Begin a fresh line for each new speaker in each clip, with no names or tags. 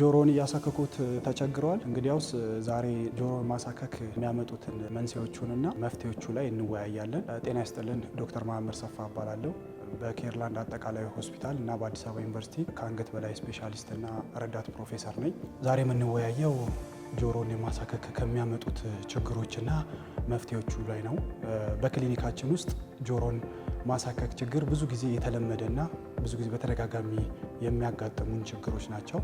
ጆሮን እያሳከኩት ተቸግረዋል። እንግዲያውስ ዛሬ ጆሮን ማሳከክ የሚያመጡትን መንስኤዎቹንና መፍትሄዎቹ ላይ እንወያያለን። ጤና ይስጥልን። ዶክተር መሀመድ ሰፋ እባላለሁ በኬርላንድ አጠቃላይ ሆስፒታል እና በአዲስ አበባ ዩኒቨርሲቲ ከአንገት በላይ ስፔሻሊስትና ረዳት ፕሮፌሰር ነኝ። ዛሬ የምንወያየው ጆሮን የማሳከክ ከሚያመጡት ችግሮችና መፍትሄዎቹ ላይ ነው። በክሊኒካችን ውስጥ ጆሮን ማሳከክ ችግር ብዙ ጊዜ የተለመደና ብዙ ጊዜ በተደጋጋሚ የሚያጋጥሙን ችግሮች ናቸው።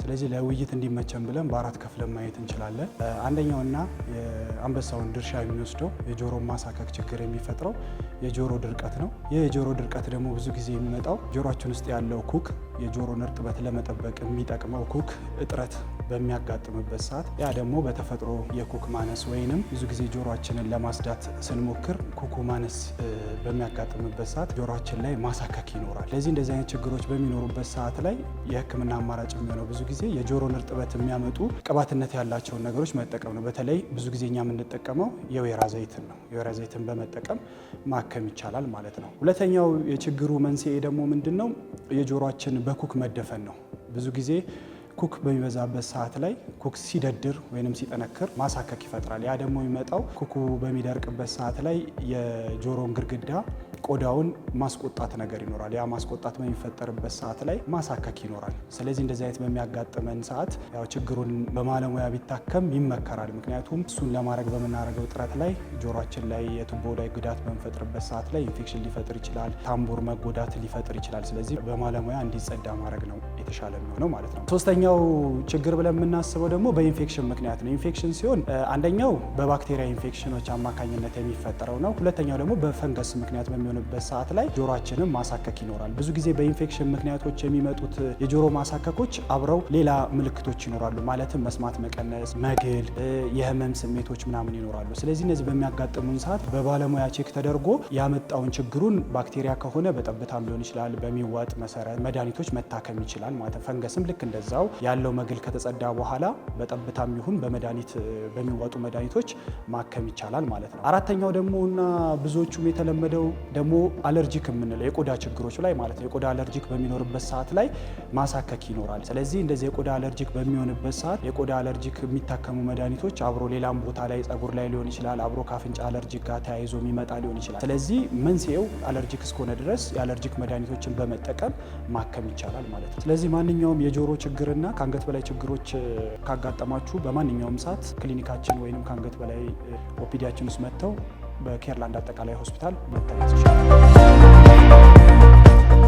ስለዚህ ለውይይት እንዲመቸን ብለን በአራት ከፍለን ማየት እንችላለን። አንደኛውና የአንበሳውን ድርሻ የሚወስደው የጆሮ ማሳከክ ችግር የሚፈጥረው የጆሮ ድርቀት ነው። ይህ የጆሮ ድርቀት ደግሞ ብዙ ጊዜ የሚመጣው ጆሮችን ውስጥ ያለው ኩክ የጆሮን እርጥበት ለመጠበቅ የሚጠቅመው ኩክ እጥረት በሚያጋጥምበት ሰዓት ያ ደግሞ በተፈጥሮ የኩክ ማነስ ወይንም ብዙ ጊዜ ጆሮችንን ለማስዳት ስንሞክር ኩኩ ማነስ በሚያጋጥም በሚሆንበት ሰዓት ጆሮችን ላይ ማሳከክ ይኖራል። ለዚህ እንደዚህ አይነት ችግሮች በሚኖሩበት ሰዓት ላይ የህክምና አማራጭ የሚሆነው ብዙ ጊዜ የጆሮን እርጥበት የሚያመጡ ቅባትነት ያላቸውን ነገሮች መጠቀም ነው። በተለይ ብዙ ጊዜ እኛ የምንጠቀመው የወይራ ዘይትን ነው። የወይራ ዘይትን በመጠቀም ማከም ይቻላል ማለት ነው። ሁለተኛው የችግሩ መንስኤ ደግሞ ምንድን ነው? የጆሮችን በኩክ መደፈን ነው። ብዙ ጊዜ ኩክ በሚበዛበት ሰዓት ላይ ኩክ ሲደድር ወይም ሲጠነክር ማሳከክ ይፈጥራል። ያ ደግሞ የሚመጣው ኩኩ በሚደርቅበት ሰዓት ላይ የጆሮን ግድግዳ ቆዳውን ማስቆጣት ነገር ይኖራል። ያ ማስቆጣት በሚፈጠርበት ሰዓት ላይ ማሳከክ ይኖራል። ስለዚህ እንደዚህ አይነት በሚያጋጥመን ሰዓት ያው ችግሩን በማለሙያ ቢታከም ይመከራል። ምክንያቱም እሱን ለማድረግ በምናደርገው ጥረት ላይ ጆሮችን ላይ የቱቦ ላይ ጉዳት በሚፈጥርበት ሰዓት ላይ ኢንፌክሽን ሊፈጥር ይችላል። ታምቡር መጎዳት ሊፈጥር ይችላል። ስለዚህ በማለሙያ እንዲጸዳ ማድረግ ነው የተሻለ የሚሆነው ማለት ነው። ሶስተኛው ችግር ብለን የምናስበው ደግሞ በኢንፌክሽን ምክንያት ነው። ኢንፌክሽን ሲሆን አንደኛው በባክቴሪያ ኢንፌክሽኖች አማካኝነት የሚፈጠረው ነው። ሁለተኛው ደግሞ በፈንገስ ምክንያት በሚ በሚሆንበት ሰዓት ላይ ጆሮችንም ማሳከክ ይኖራል። ብዙ ጊዜ በኢንፌክሽን ምክንያቶች የሚመጡት የጆሮ ማሳከኮች አብረው ሌላ ምልክቶች ይኖራሉ። ማለትም መስማት መቀነስ፣ መግል፣ የህመም ስሜቶች ምናምን ይኖራሉ። ስለዚህ እነዚህ በሚያጋጥሙን ሰዓት በባለሙያ ቼክ ተደርጎ ያመጣውን ችግሩን ባክቴሪያ ከሆነ በጠብታም ሊሆን ይችላል፣ በሚዋጥ መሰረት መድኃኒቶች መታከም ይችላል ማለት ፈንገስም ልክ እንደዛው ያለው መግል ከተጸዳ በኋላ በጠብታም ይሁን በመድኃኒት በሚዋጡ መድኃኒቶች ማከም ይቻላል ማለት ነው። አራተኛው ደግሞ እና ብዙዎቹም የተለመደው ደግሞ አለርጂክ የምንለው የቆዳ ችግሮች ላይ ማለት ነው። የቆዳ አለርጂክ በሚኖርበት ሰዓት ላይ ማሳከክ ይኖራል። ስለዚህ እንደዚህ የቆዳ አለርጂክ በሚሆንበት ሰዓት የቆዳ አለርጂክ የሚታከሙ መድኃኒቶች አብሮ ሌላም ቦታ ላይ ጸጉር ላይ ሊሆን ይችላል፣ አብሮ ከአፍንጫ አለርጂክ ጋር ተያይዞ የሚመጣ ሊሆን ይችላል። ስለዚህ መንስኤው አለርጂክ እስከሆነ ድረስ የአለርጂክ መድኃኒቶችን በመጠቀም ማከም ይቻላል ማለት ነው። ስለዚህ ማንኛውም የጆሮ ችግርና ከአንገት በላይ ችግሮች ካጋጠማችሁ በማንኛውም ሰዓት ክሊኒካችን ወይም ከአንገት በላይ ኦፒዲያችን ውስጥ መጥተው በኬርላንድ አጠቃላይ ሆስፒታል መታየት ይችላል።